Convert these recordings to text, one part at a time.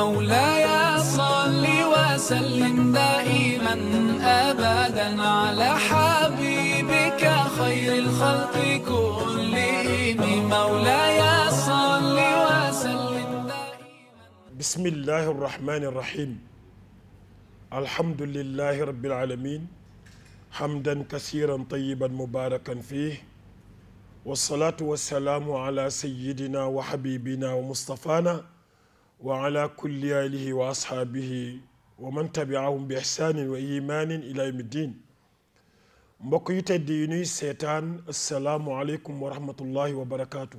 مولاي صل وسلم دائما أبدا على حبيبك خير الخلق كلهم مولاي صل وسلم دائما بسم الله الرحمن الرحيم الحمد لله رب العالمين حمدا كثيرا طيبا مباركا فيه والصلاة والسلام على سيدنا وحبيبنا ومصطفانا wa ala kulli alihi wa ashaabihi wa man tabiahum bi ihsaanin wa imaanin ila yawmi diin mbokk yu tedd yi nuy seetaan asalaamu aleykum wa rahmatullahi wa barakaatu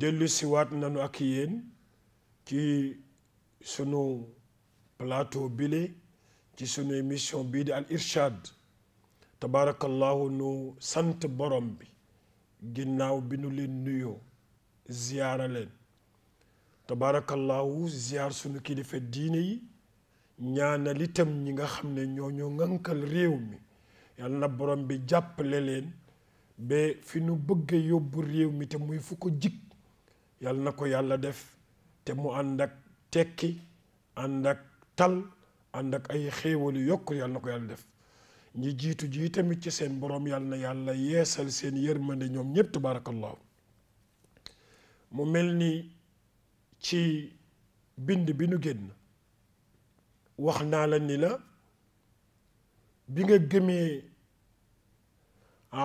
dellu siwaat nanu ak yéen ci sunu plateau bile ci sunu émission bii di al irshad tabaarakallahu nu sant borom bi ginnaaw bi nu leen nuyoo ziyaara leen tabaarakallaahu ziar sunu kilifa diine yi ñaanal itam ñi nga xam ne ñoo ñoo ŋànkal réew mi yal na borom bi jàppale leen ba fi nu bëgg yóbbu réew mi te muy fu ko jig yal na ko yàlla def te mu ànd ak tekki ànd ak tal ànd ak ay xéewalu yokk yal na ko yàlla def ñi jiitu ji tamit ci seen borom yal yàlla yeesal seen yërmande ñoom ñëpp tabaarakallaahu mu mel ni ci bind bi nu génn wax naa la ni la bi nga gëmee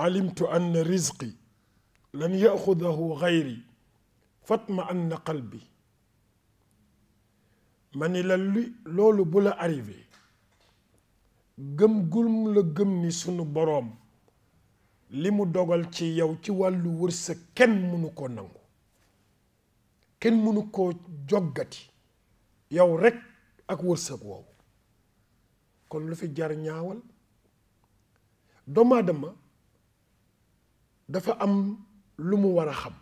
alimtu ann rizqi lan yaxudahu xayri fatma ann qalbi ma ni la lu loolu bu la arrivé gëm gum la gëm ni sunu boroom li mu dogal ci yow ci wàllu wërsëg kenn mënu ko nangu kenn mënu koo joggati yow rekk ak wërsëg woowu kon lu fi jar ñaawal doomu dafa am lu mu war a xam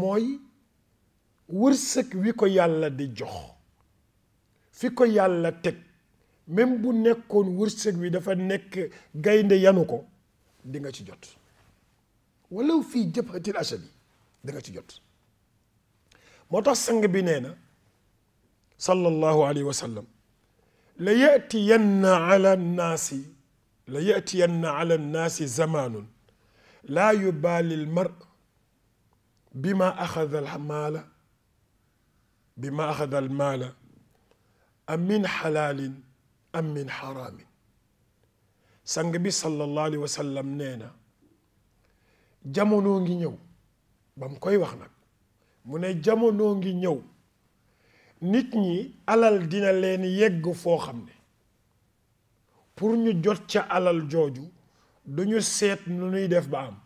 mooy wërsëg wi ko yàlla di jox fi ko yàlla teg même bu nekkoon wërsëg wi dafa nekk gaynde yanu ko di nga ci jot walaw fii jëppatil asad bi da nga ci jot moo tax sang bi nee na sallallahu alayhi wa sallam la yatiyanna ala nnaasi la yatiyanna ala nnaasi zamanun laa yubaali lmar bima axada almaala bima axada almaala am min xalaalin am min xaraamin sang bi sallallahu alayhi wa sallam nee na jamono ngi ñëw ba mu koy wax nag mu ne jamono ngi ñëw nit ñi alal dina leen yegg foo xam ne pour ñu jot ca alal jooju du ñu seet nu ñuy def ba am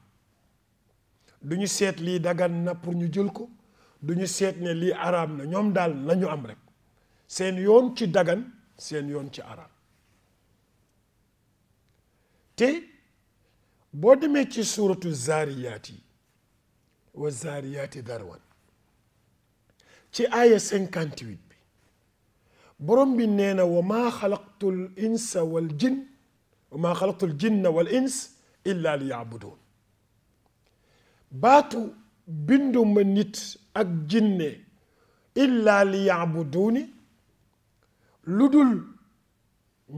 du ñu seet lii dagan na pour ñu jël ko du ñu seet ne lii araam na ñoom daal nañu am rek seen yoon ci dagan seen yoon ci araam te boo demee ci suuratu zaariyaat yi wa zaariyaati darwan ci aaya 58 bi borom bi nee na wa maa xalaqtul insa wa maa xalaqtul li yaabuduun baatu binduma nit ak jinne illa li yaabuduuni lu dul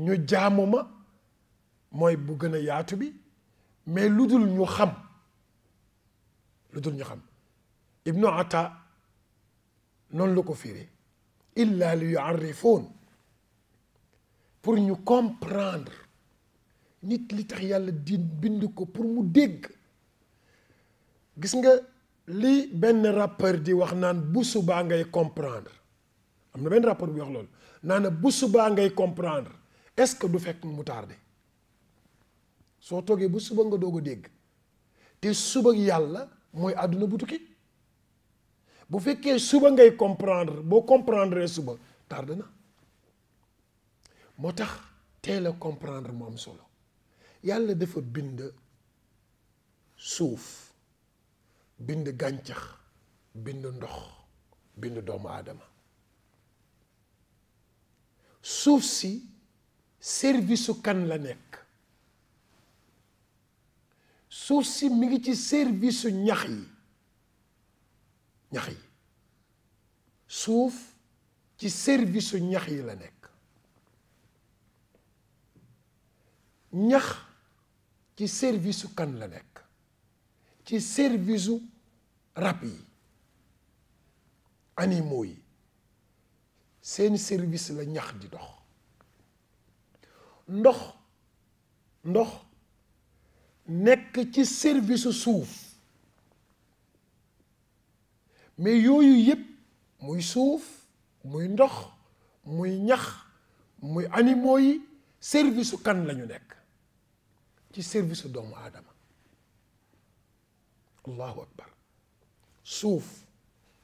ñu jaamu mooy bu gën yaatu bi mais lu dul ñu xam lu dul ñu xam ibnu ata noonu la ko fiire illa li yuarrifoon pour ñu comprendre nit li tax yàlla di bind ko pour mu dégg gis nga li benn rappeur di wax naan bu subaa ngay comprendre am na benn rappeur bi wax loolu naan bu subaa ngay comprendre est-ce que du fekk mu tarde soo toogee bu suba nga doog a dégg te suba yàlla mooy àdduna bu tukki bu fekkee suba ngay comprendre boo comprendre suba tardé na moo tax teel a comprendre mu am solo yàlla dafa bind suuf bind gàncax bind ndox bind doomu aadama suuf si service su kan la nekk suuf si mi ngi ci service ñax yi ñax yi suuf ci servisu ñax yi la nekk ñax ci servisu kan la nekk ci servisu rab yi animaux yi seen service la ñax di dox ndox ndox nekk ci service suuf mais yooyu yëpp muy suuf muy ndox muy ñax muy animaux yi service su kan lañu nekk ci service su doomu aadama allahu akbar suuf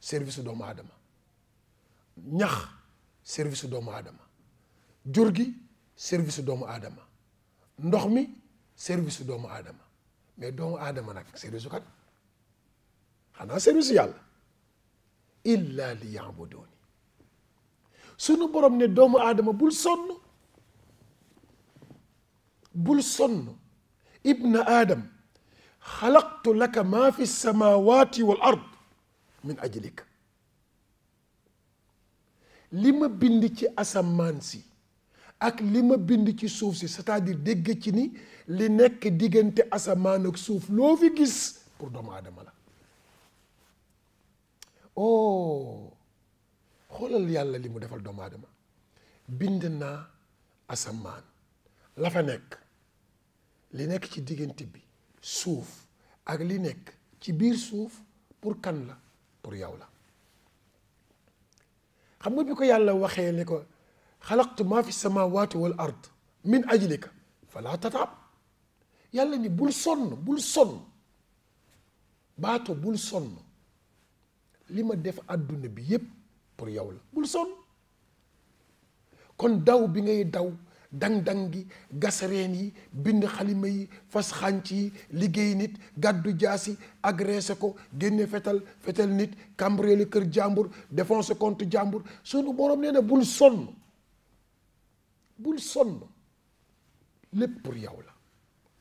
servisu doomu aadama ñax servisu doomu aadama jur gi servisu doomu aadama ndox mi service doomu aadama mais doomu aadama nag service kat xanaa service yàlla illa li yaabuduuni sunu borom ne doomu aadama bul sonn bul sonn ibna aadam xalaqtu laka maa fi samawati wal ard min ajlik li ma bind ci asamaan si ak li ma bind ci suuf si c'est-à-dire dégg ci ni li nekk diggante asamaan ak suuf loo fi gis pour doomu adama la oh xoolal yàlla li mu defal doomu adama bind naa asamaan la fa nekk li nekk ci diggante bi suuf ak li nekk ci biir suuf pour kan la pour yow la xam nga bi ko yàlla waxee ne ko xalaqtu maa fi samawati wal ard min ajlika fala tatab yàlla ni bul sonn bul sonn baato bul sonn li ma def àdduna bi yépp pour yow la bul sonn kon daw bi ngay daw dang-dang gi gas reen yi bind xalima yi fas xànc yi liggéey nit gàddu jaasi agressé ko génne fetal fetal nit cambrioler kër jàmbur défoncer compte jàmbur sunu borom nee na bul sonn bul sonn lépp pour yow la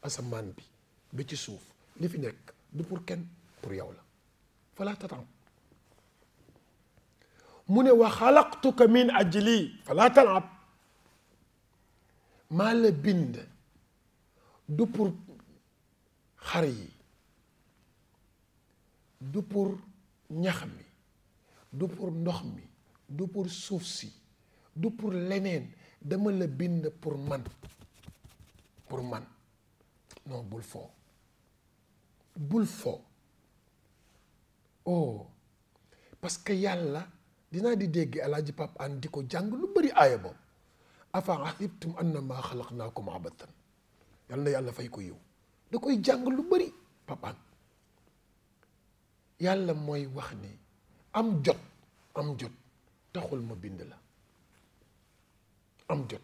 asamaan bi bi ci suuf li fi nekk du pour kenn pour yow la fala tatan mu ne wa xalaqtuka min ajli fala talab maa la bind du pour xar yi du pour ñax mi du pour ndox mi du pour suuf si du pour leneen dama la bind pour man pour man non bul foo bul foo oh parce que yàlla dinaa di dégg alaaji Pape di ko jàng lu bari aaya boobu afa hasibtum annamaa xalaqnaakum abathan yàlla na yàlla fay ko yiw da koy jàng lu bëri Pape yàlla mooy wax ni am jot am jot taxul ma bind la am jot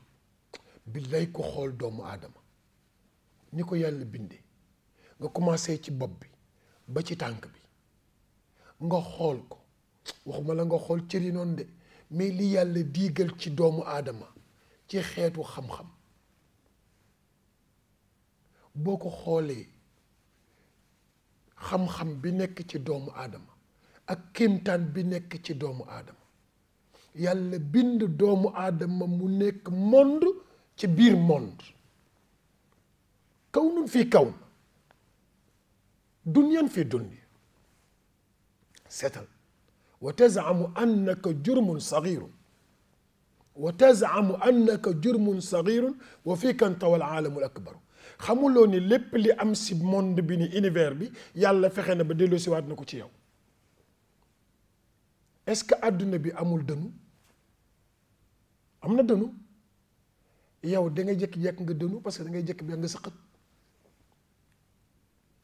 billaay ko xool doomu aadama ni ko yàlla bindee nga commencé ci bopp bi ba ci tànk bi nga xool ko waxuma la nga xool cëri noonu de mais li yàlla diigal ci doomu aadama ci xeetu xam-xam boo ko xoolee xam-xam bi nekk ci doomu aadama ak kéemtaan bi nekk ci doomu aadama yàlla bind doomu aadama mu nekk monde ci biir monde kaw nun fii kaw dunyan fi dunya seetal wa tazamu annaka jurmun sagiru wa tazamu annaka jurmun sagirun wa fiika ntawa alaalamu akbaru xamuloo ni lépp li am si monde bi ni univers bi yàlla fexe na ba delloo siwaat na ko ci yow est-ce que àdduna bi amul dënu am na dënu yow dangay ngay jékki nga dënu parce que da ngay jékki bi nga sëqat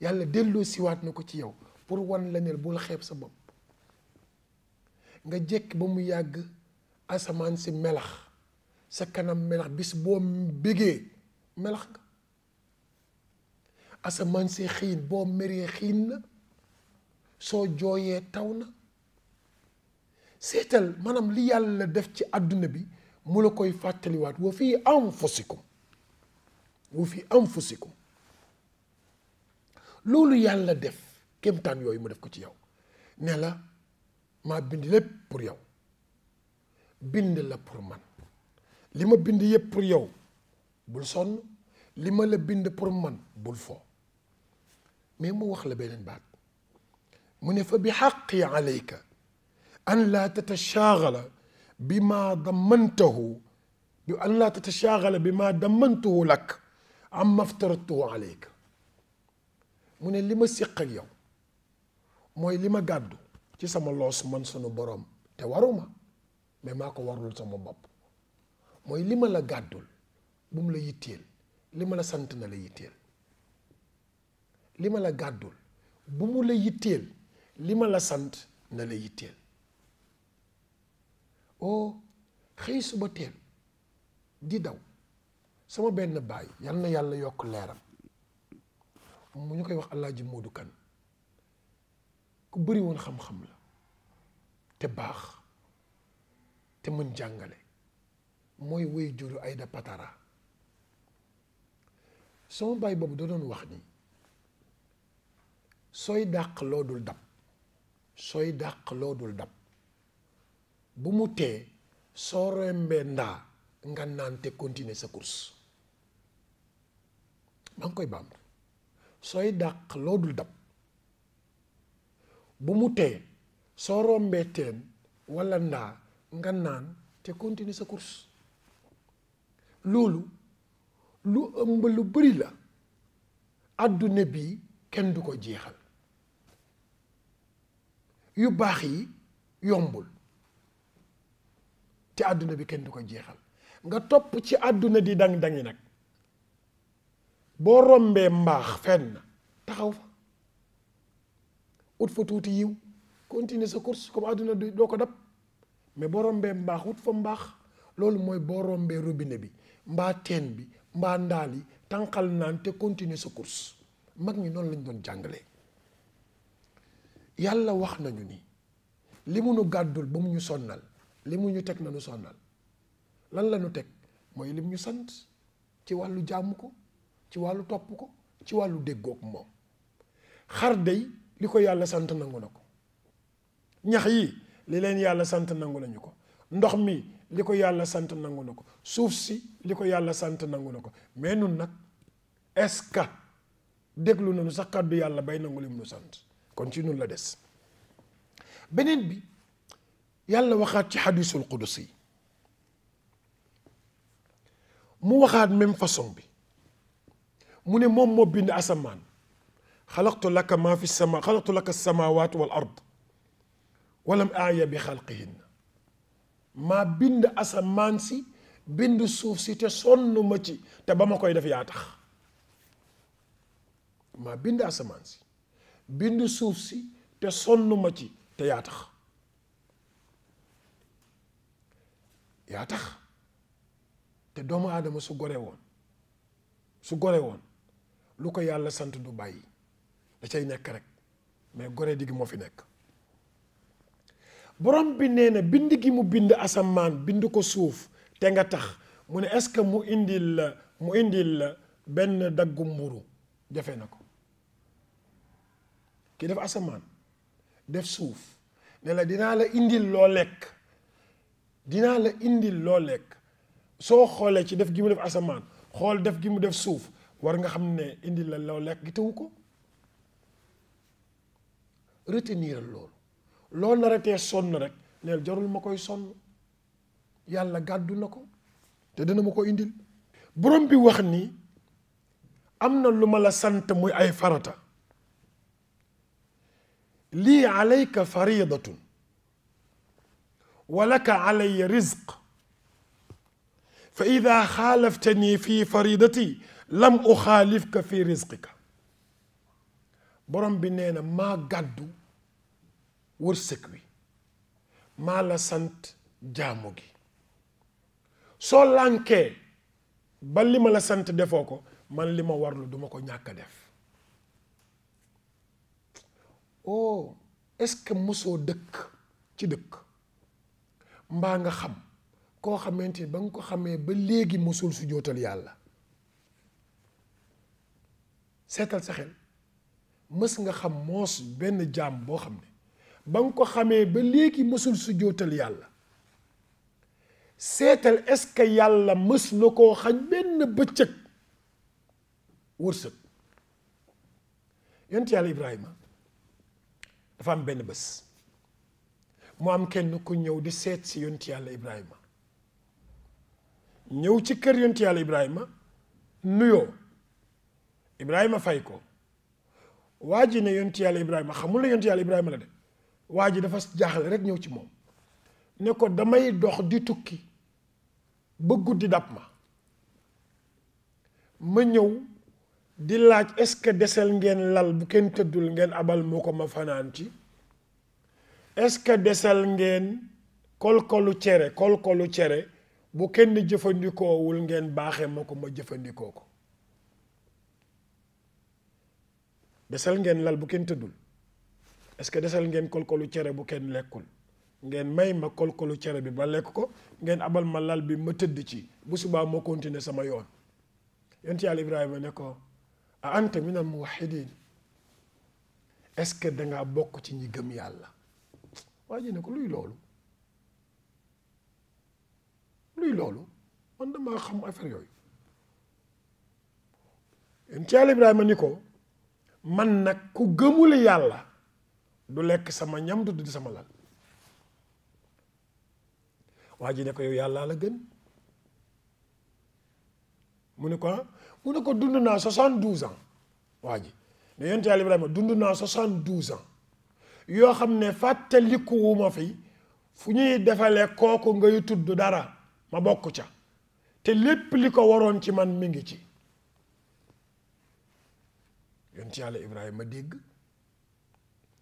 yàlla delloo siwaat na ko ci yow pour wan la ne bul xeeb sa bopp nga jékki ba mu yàgg asamaan si melax sa kanam melax bis boo bégee melax nga asamaan si xiin boo meree xiin na soo jooyee taw na seetal maanaam li yàlla def ci àdduna bi mu la koy fàttaliwaat wa fii anfusikum wa fii anfusikum loolu yàlla def kéemtaan yooyu ma def ko ci yow ne la maa bind lépp pour yow bind la pour man li ma bind yépp pour yow bul sonn li ma la bind pour man bul foo mais mu wax la beneen baat mu ne fa bi xaqi alayka an laa tatashagala بما ضمنته بأن لا تتشاغل بما ضمنته لك عما افترضته عليك mu ne li ma séq yow mooy li ma gàddu ci sama loos man sunu borom te waruma mais maa ko warul sama bopp mooy li ma la gàddul bu la yitteel li ma la sant na li ma la gàddul bu mu la yitteel li ma la sant na la yitteel oh xëy suba teel di daw sama benn baay yal na yàlla yokk leeram mu ñu koy wax Alaaji Moodu Kan ku bëri woon xam-xam la te baax te mën jàngale mooy wéy juru Ayda Patara sama baay boobu da doon wax ni sooy dàq loo dul dab sooy dàq loo dul dab bu mu tee soo rembee ndaa nga naan te continuer sa course maa ngi koy baamtu sooy dàq loo dul dab bu mu tee soo rombee teen walla ndaa nga naan te continuer sa course loolu lu ëmb lu bari la àdduna bi kenn du ko jeexal yu baax yi yombul ci àdduna bi kenn du ko jeexal nga topp ci àdduna di dang-dangi nag boo rombee mbaax fenn taxaw fa ut fa tuuti yiw continuer sa course comme àdduna du doo ko dab mais boo rombee mbaax ut fa mbaax loolu mooy boo rombee robine bi mbaa teen bi mbaa ndaal yi tànqal naan te continuer sa course mag ñi noonu lañ doon jàngale yàlla wax nañu ni li mu nu gàddul ba mu ñu sonnal li mu ñu teg na nu sonnal lan lañu teg mooy lim ñu sant ci wàllu jàmm ko ci wàllu topp ko ci wàllu déggook moom xar day li ko yàlla sant nangu na ko ñax yi li leen yàlla sant nangu nañu ko ndox mi li ko yàlla sant nangu na ko suuf si li ko yàlla sant nangu na ko mais nun nag est-ce que déglu nañu sax kàddu yàlla bay nangu lim nu sant kon ci nun la des beneen bi yàlla waxaat ci xadisul qudusi mu waxaat même façon bi mu ne moom moo bind asamaan xalaqtu laka maa fi sama xalaqtu laka samawaat wal ard walam aaya bi xalqihinna maa bind asamaan si bind suuf si te sonn ci te ba ma koy def yaa tax maa bind asamaan si bind suuf si te sonn ma ci te yaa tax yaa tax te doomu aadama su gore woon su gore woon lu ko yàlla sant du bàyyi da cay nekk rek mais gore di gi moo fi nekk borom bi nee na bind gi mu bind asamaan bind ko suuf te nga tax mu ne est-ce que mu indil la mu indil la benn daggu mburu jafe na ko kii def asamaan def suuf ne la dinaa la indil loo lekk dinaa la indil loo lekk soo xoolee ci def gi mu def asamaan xool def gi mu def suuf war nga xam ne indil la loo lekk gi tewu ko retenir loolu loo naratee sonn rek lee jarul ma koy sonn yàlla gàddu na ko te dina ma ko indil borom bi wax ni am na lu ma la sant muy ay farata lii alayka faridatun walla laka alayya rizq fa ida xaalaftani fi faridati lam bi nee na maa gàddu wërsëg wi maa la sant jaamu gi soo lànkee ba li ma la sant defoo ko man li ma warlu duma ko ñàkk a def oh est-ce que mosoo dëkk ci dëkk mbaa nga xam koo xamante ba nga ko xamee ba léegi mosul su yàlla seetal sa mës nga xam benn jaam boo xam ne ba nga ko xamee ba léegi mësul su jootal yàlla seetal est-ce yàlla mës na koo xañ benn bëccëg wërsëg yonent yàlla Ibrahima dafa am benn bës mu am kenn ku ñëw di seet si yonti yàlla Ibrahima ñëw ci kër yonti yàlla Ibrahima nuyoo Ibrahima fay ko waa ji ne yonti yàlla Ibrahima xamul ne yonti yàlla Ibrahima la de waa ji dafa jaaxle rek ñëw ci moom ne ko damay dox di tukki ba guddi dab ma ma ñëw di laaj est-ce que desel ngeen lal bu kenn tëddul ngeen abal moo ko ma fanaan ci est-ce que desal ngeen kolkolu cere kolkolu cere bu kenn jëfandikoowul ngeen baaxee ma ko ma jëfandikoo ko desal ngeen lal bu kenn tëddul est que desal ngeen kolkolu cere bu kenn lekkul ngeen may ma kolkolu cere bi ba lekk ko ngeen abal ma lal bi ma tëdd ci bu subaa ma continuer sama yoon yonent yàlla Ibrahima ne ko a anta minal muwahidin est-ce que dangaa bokk ci ñi gëm yàlla waa ji ne ko luy loolu luy loolu man damaa xam affaire yooyu yéen ci àll Ibrahima ni ko man nag ku gëmul yàlla du lekk sama ñam du di sama lal waa ji ne ko yow yàllaa la gën mu ne ko ah? mu ne ko dund naa soixante-douze ans waa ji ne yéen ci àll Ibrahima dund naa soixante-douze ans yoo xam ne fàtte ma fi fu ñuy defale kooku ngay tudd dara ma bokk ca te lépp li ko waroon ci man mi ngi ci yonent yàlla Ibrahima dégg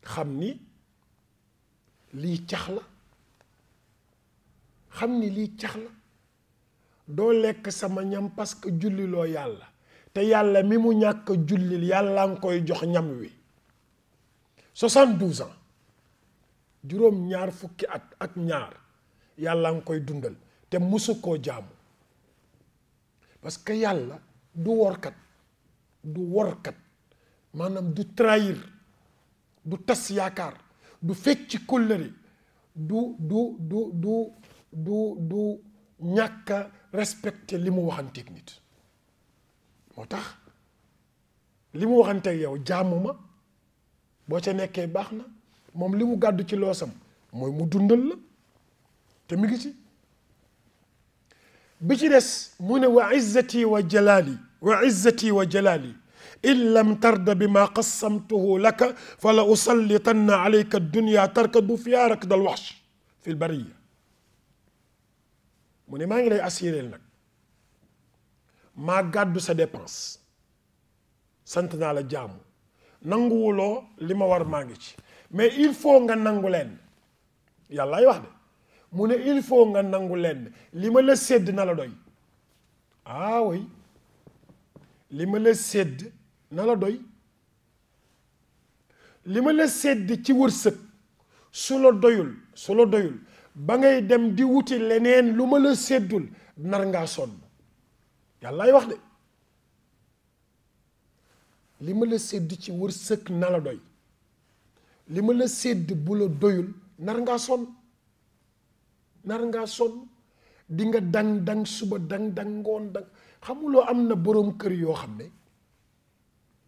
xam ni lii cax la xam ni lii cax la doo lekk sama ñam parce que julliloo yàlla te yàlla mi mu ñàkk jullil yàlla nga koy jox ñam wi soixante-douze juróom ñaar fukki at ak ñaar yàlla nga koy dundal te musu koo jàmm parce que yàlla du workat du workat maanaam du trahir du tas yaakaar du fecci kóllëre du du du du du du ñàkk respecté li mu waxanteeg nit moo tax li mu waxanteeg yow jaamu ma boo ca nekkee baax na moom li mu gàddu ci loosam mooy mu dundal la te mi ngi ci bi ci des mu ne wa izzati wa jalaali wa izzati wa jalaali in lam tarda bi ma qasamtuhu laka fa la usallitanna alayka dunya tarkadu fiha rakda alwaxsh fi lbariya mu ne maa ngi lay assureel nag maa gàddu sa dépense sant naa la jaamu nanguwuloo li ma war maa ngi ci mais il faut nga nangu leen yàllaay wax de mu ne il faut nga nangu leen li ma la sédd na la doy ah li ma la sedd na la doy li ma la sédd ci wërsëg su la doyul su doyul ba ngay dem di wuti leneen lu ma la seddul nar ngaa sonn yàllaay wax de li ma la sedd ci wërsëg na la doy li ma la sédd bu la doyul nar ngaa sonn nar ngaa sonn dinga nga dang dang suba dang dang ngoon dang xamuloo am na boroom kër yoo xam ne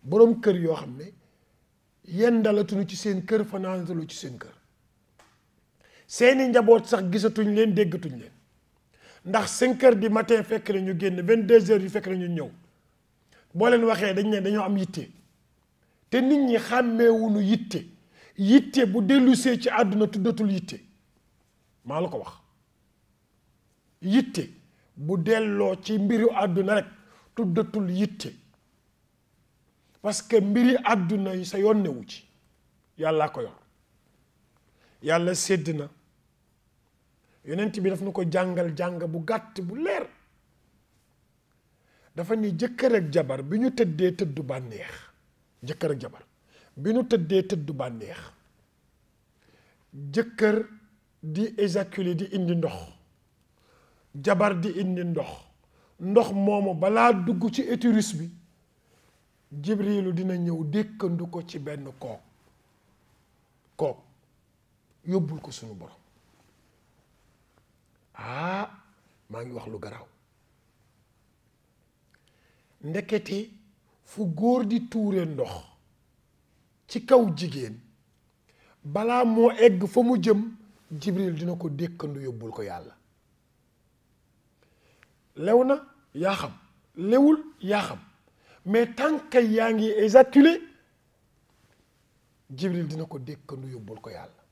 boroom kër yoo xam ne dalatuñu ci seen kër fanaanatalu ci seen kër seeni njaboot sax gisatuñ leen déggatuñ leen ndax cinq heures du matin fekk na ñu génn vingt deux heures yu fekk na ñu ñëw boo leen waxee dañ ne dañoo am yitte te nit ñi xàmmeewuñu yitte yitte bu dellusee ci àdduna tuddatul yitte maa la ko wax yitte bu delloo ci mbiru àdduna rek tuddatul yitte parce que mbiri àdduna yi sa yoon newu ci yàllaa ko yor yàlla sedd na yenent bi daf na ko jàngal jàng bu gàtt bu leer dafa ni jëkkër ak jabar bi ñu tëddee tëddu bànneex jëkkër ak jabar bi nu tëddee tëdd bànneex jëkkër di éjaculer di indi ndox jabar di indi ndox ndox moomu balaa dugg ci utérus bi jibrilu dina ñëw dékkandu ko ci benn kook koog yóbbul ko sunu borom ah maa ngi wax lu garaaw ndekete fu góor di tuure ndox ci kaw jigéen balaa moo egg fa mu jëm jibril dina ko dékkandu yóbbul ko yàlla lew na yaa xam lewul yaa xam mais tànk yaa ngi éjaculé jibril dina ko dékkandu yóbbul ko yàlla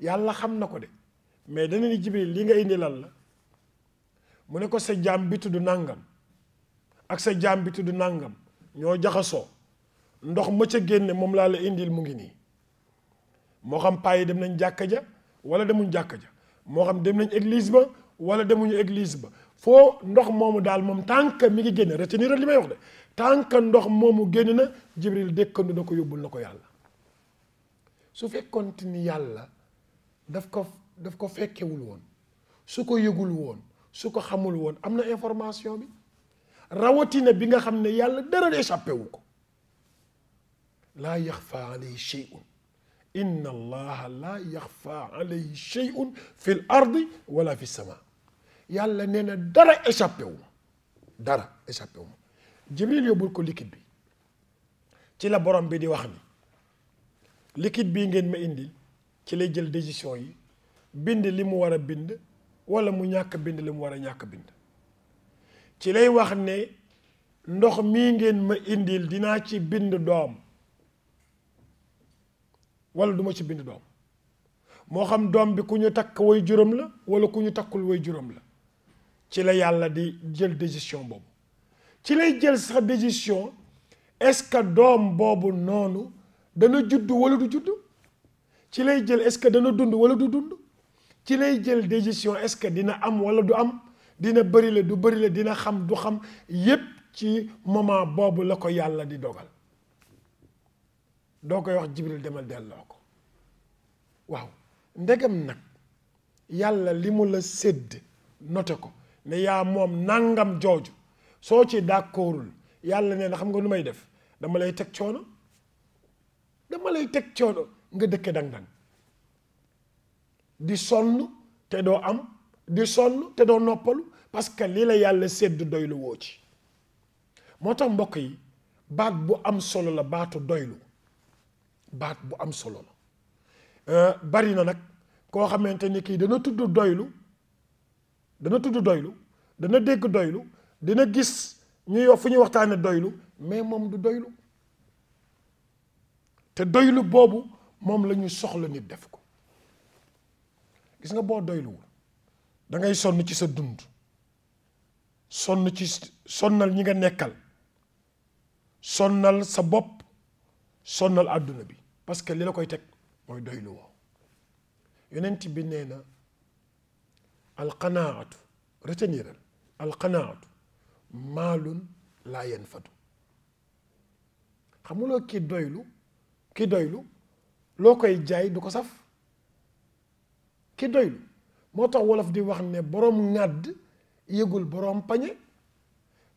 yàlla xam na ko de mais dana ni jibril li nga indi lan la mu ne ko sa jaam bi tudd nàngam ak sa jaam bi tudd nàngam ñoo jaxasoo ndox ma ca génne moom laa la indil mu ngi nii moo xam paa dem nañ jàkka ja wala demuñ jàkk ja moo xam dem nañ église ba wala demuñu eglise ba foo ndox moomu daal moom tant que mi ngi génn génne retenir li may wax de tant que ndox moomu génn na jibril dëkkandu na ko yóbbul na ko yàlla su fekkoon ni yàlla daf ko daf ko fekkewul woon su ko yëgul woon su ko xamul woon am na information bi rawatina bi nga xam ne yàlla dara échappé wu ko laa yaxfa alayhi shay'un inna allaha laa yaxfa alayhi shay'un fi l ardi wala fi sama yàlla nee dara échappé dara échappé wu yóbbul ko liquide bi ci la borom bi di wax ni liquide bii ngeen ma indil ci lay jël décision yi bind li mu war a bind wala mu ñàkk bind li mu war a ñàkk bind ci lay wax ne ndox mii ngeen ma indil dinaa ci bind doom wala duma ci bind doom moo xam doom bi ku ñu takk woy juróom la wala ku ñu takkul woy juróom la ci la yàlla di jël décision boobu ci lay jël sax décision est-ce doom boobu noonu dana judd wala du juddu ci lay jël est-ce que dana dund wala du dund ci lay jël décision est-ce que dina am wala du am dina bëri la du bëri la dina xam du xam yépp ci moment boobu la ko yàlla di dogal doo koy wax jibril demal delloo ko waaw ndegam nag yàlla li mu la sedd note ko ne yaa moom nangam jooju soo ci d'accordul yàlla nee na xam nga nu may def dama lay teg coono dama lay teg coono nga dëkke dang-dang di sonn te doo am di sonn te doo noppalu parce que lii la yàlla sédd doyluwoo ci moo tax mbokk yi baat bu am solo la baatu doylu baat bu am solo la euh, bari na nag koo xamante ni kii dana tudd doylu dana tudd doylu dana dégg doylu dina gis ñuy wax fu ñuy waxtaane doylu mais moom du doylu te doylu boobu moom la ñu soxla nit def ko gis nga boo doyluwul dangay sonn ci sa dund sonn ci sonnal ñi nga nekkal sonnal sa bopp sonnal àdduna bi parce que li la koy teg mooy doylu woo yonent bi nee na alqanaatu retenir alqanaatu maalun laa yanfadu xamuloo kii doylu ki doylu loo koy jaay du ko saf ki doylu moo tax wolof di wax ne boroom ŋàdd yëgul boroom pañe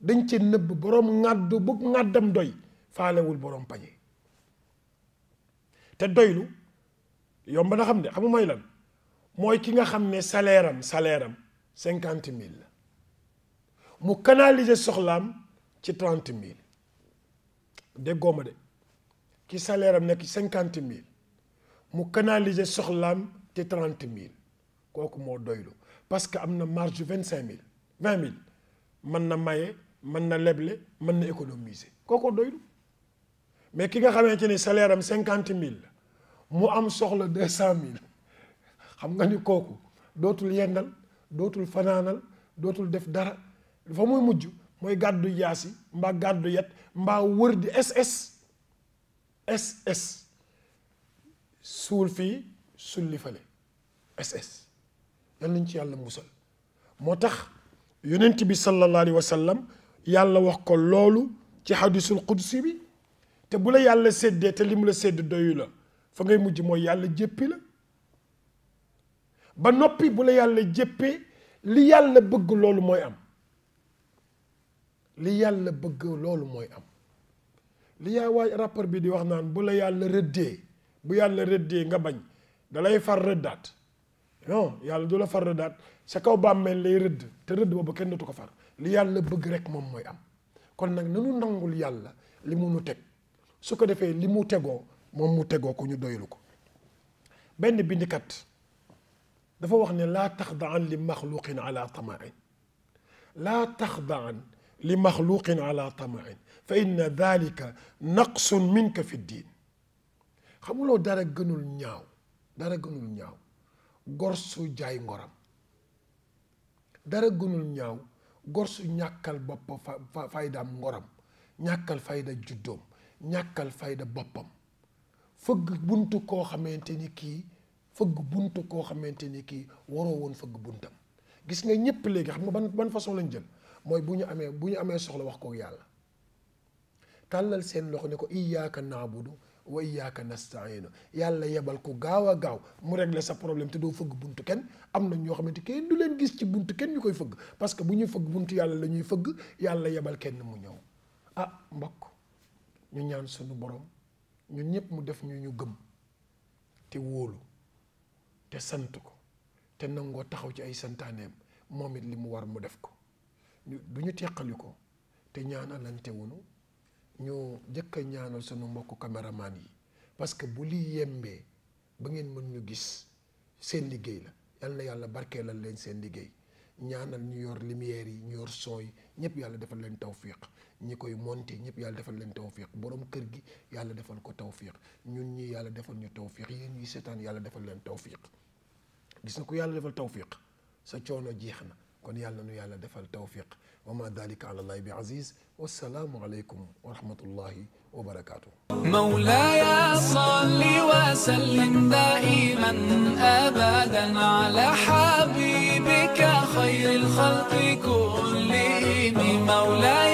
dañ ci nëbb borom ŋàdd bu ŋàddam doy faalewul boroom pañe te doylu yomb na xam ne xam lan mooy ki nga xam ne salaire am cinquante mille la mu canaliser soxlaam ci trente mille déggoo ma de ki salaire am nekk cinquante mille mu canaliser soxlaam ci trente mille kooku moo doylu parce que am na marge vingt cinq mille vingt mille mën na maye mën na leble mën na économiser kooku doylu mais ki nga xamante ni salaire am cinquante mille mu am soxla deux cent mille xam nga ni kooku dootul yendal dootul fanaanal dootul def dara dafa muy mujj mooy gàddu jaasi mbaa gàddu yet mbaa wër di ss suul fii sulli fale ss yal nañ ci yàlla musal moo tax yonent bi sallallahu alayhi wa sallam yàlla wax ko loolu ci xadisul qudsi bi te bu la yàlla séddee te li mu la sedd doyu la fa ngay mujj mooy yàlla jéppi la ba noppi bu la yàlla jéppee li yàlla bëgg loolu mooy am li yàlla bëgg loolu mooy am li yaa waaj rapport bi di wax naan bu la yàlla rëddee bu yàlla rëddee nga bañ dalay far rëddaat yàlla du la far rëddaat sa kaw bàmmeel lay rëdd te rëdd boobu kenn dootu ko far li yàlla bëgg rek moom mooy am kon nag nanu nangul yàlla li mu nu teg su ko defee li mu tegoo moom mu tegoo ko ñu doylu ko benn bindikat dafa wax ne laa taxdaan li maxluqin ala tamain laa taxdaan li maxluqin ala tamain fa inna dalika naqsun minka fi diin xamuloo dara gënul ñaaw dara gënul ñaaw gor jaay ngoram dara gënul ñaaw gor su ñàkkal bopp fa faydaam ngoram ñàkkal fayda juddoom ñàkkal fayda boppam fëgg buntu koo xamante ni kii fëgg bunt koo xamante ni kii waroo woon fëgg buntam gis nga ñëpp léegi xam nga ban ban façon lañ jël mooy bu ñu amee bu ñu amee soxla wax ko yàlla tàllal seen loxo ne ko iyyaka naabudu wa iyyaka nasta'iinu yàlla yebal ku gaaw a gaaw mu régler sa problème te doo fëgg buntu kenn am na ñoo xamante kenn du leen gis ci bunt kenn ñu koy fëgg parce que bu ñu fëgg buntu yàlla la ñuy fëgg yàlla yebal kenn mu ñëw ah mbokk ñu ñaan sunu borom ñun ñëpp mu def ñu ñu gëm te wóolu te sant ko te nangoo taxaw ci ay santaaneem moom it li mu war mu def ko du ñu teqali ko te ñaanalante wunu ñu jëkk a ñaanal sunu mbokku caméraman yi parce que bu lii yembee ba ngeen mën ñu gis seen liggéey la yal na yàlla barkeelal leen seen liggéey ñaanal ñu yor lumière yi ñu yor son yi ñëpp yàlla defal leen tawfiq ni koy monter ñëpp yàlla defal leen tawfiq borom kër gi yàlla defal ko tawfiq ñun ñi yàlla defal ñu yi yéen ñi seetaan yàlla defal leen tawfiq gis ko yàlla defal tawfiq sa coono jeex na kon yàlla nu yàlla defal tawfiq wa ma dalika ala allahi bi aziz wassalaamu aleykum wa rahmatullahi wa barakatuh مولاي صل وسلم دائما ابدا على حبيبك خير الخلق كلهم مولاي